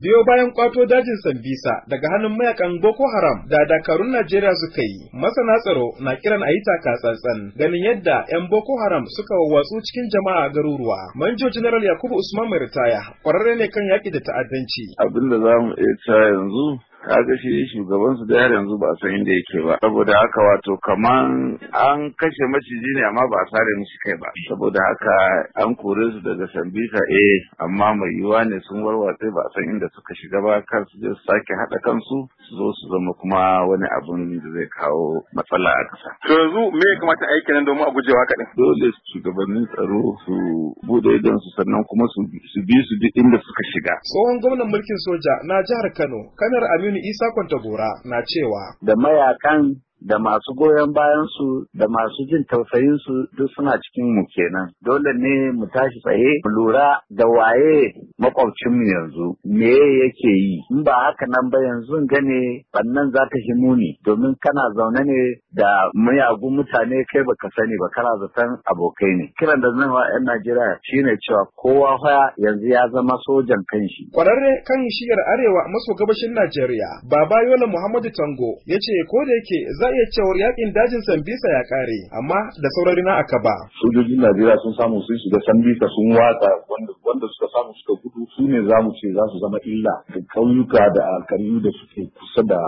biyo bayan kwato dajin sambisa daga hannun mayakan boko haram da dakarun najeriya suka yi masana tsaro na kiran a yi taka tsantsan ganin yadda yan boko haram suka wawwatsu cikin jama'a garuruwa manjo general yakubu usman mai ritaya kwararre ne kan yaƙi da ta'addanci abin da za mu iya yanzu Ka ga shi shugaban su da yanzu ba san inda yake ba saboda haka wato kaman an kashe maciji ne amma ba a sare mishi kai ba saboda haka an kore su daga sambisa eh amma mai yiwa ne sun warwatse ba san inda suka shiga ba kar su je su sake haɗa kansu su zo su zama kuma wani abun da zai kawo matsala a ƙasa. to yanzu me ya kamata a yi kenan domin a gujewa kaɗan. dole shugabannin tsaro su bude idan su sannan kuma su bi su duk inda suka shiga. tsohon gwamnan mulkin soja na jihar kano kanar aminu Aminu Isa Kwantagora na cewa. Da mayakan da masu goyon bayansu da masu jin tausayinsu duk suna cikin mu kenan. Dole ne mu tashi tsaye mu lura da waye makwabcinmu yanzu me yake yi in ba haka nan ba yanzu gane bannan za ta himuni domin kana zaune ne da mayagun mutane kai baka sani ba kana zaton abokai ne kiran da zan wa yan Najeriya shine cewa kowa haya yanzu ya zama sojan kanshi kwararre kan shigar arewa maso gabashin Najeriya baba Yola Muhammadu Tango yace ko da yake za iya cewar yakin dajin Sambisa ya kare amma da saurari na aka ba sojojin Najeriya sun samu sun shiga Sambisa sun watsa wanda wanda suka samu suka gudu su ne za mu ce za su zama illa Da ƙauyuka da alkaryu da suke kusa da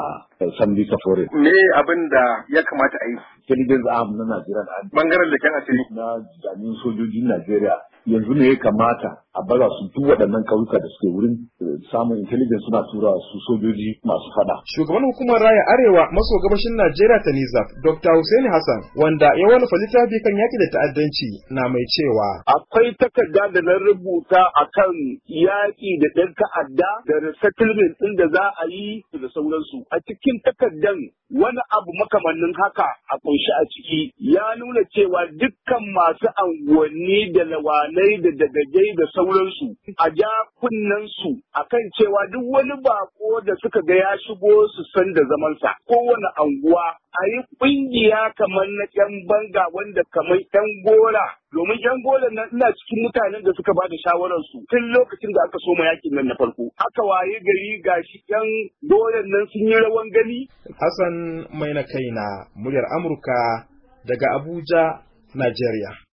eh, sandi safore. Me abin da ya kamata a yi? Intelligence arm na Najeriya. Bangaren da kyan asiri. Na jami'in sojojin Najeriya. Yanzu ne ya kamata a bara su duk waɗannan da suke wurin eh, samun intelligence suna tura su sojoji masu fada. Shugaban hukumar raya arewa maso gabashin Najeriya ta Nizaf, Dr. Hussein Hassan, wanda ya wani littafi kan yaki da ta'addanci na mai cewa. Akwai takarda da na rubuta a kan yaƙi da ɗan ta'adda da resettlement ɗin da za a yi da sauransu. A cikin takardan wani abu makamannin haka a ƙunshi a ciki ya nuna cewa dukkan masu anguwanni da lawanai da dagagai da sauransu sauransu a ja a kan cewa duk wani bako da suka ga ya shigo su san da zamansa kowane anguwa a yi ƙungiya kamar na ƴan banga wanda kamar ƴan gora domin ƴan gora nan ina cikin mutanen da suka bada shawarar su tun lokacin da aka soma yakin nan na farko aka waye gari gashi ƴan gora nan sun yi rawan gani Hassan mai Maina Kaina muryar Amurka daga Abuja Nigeria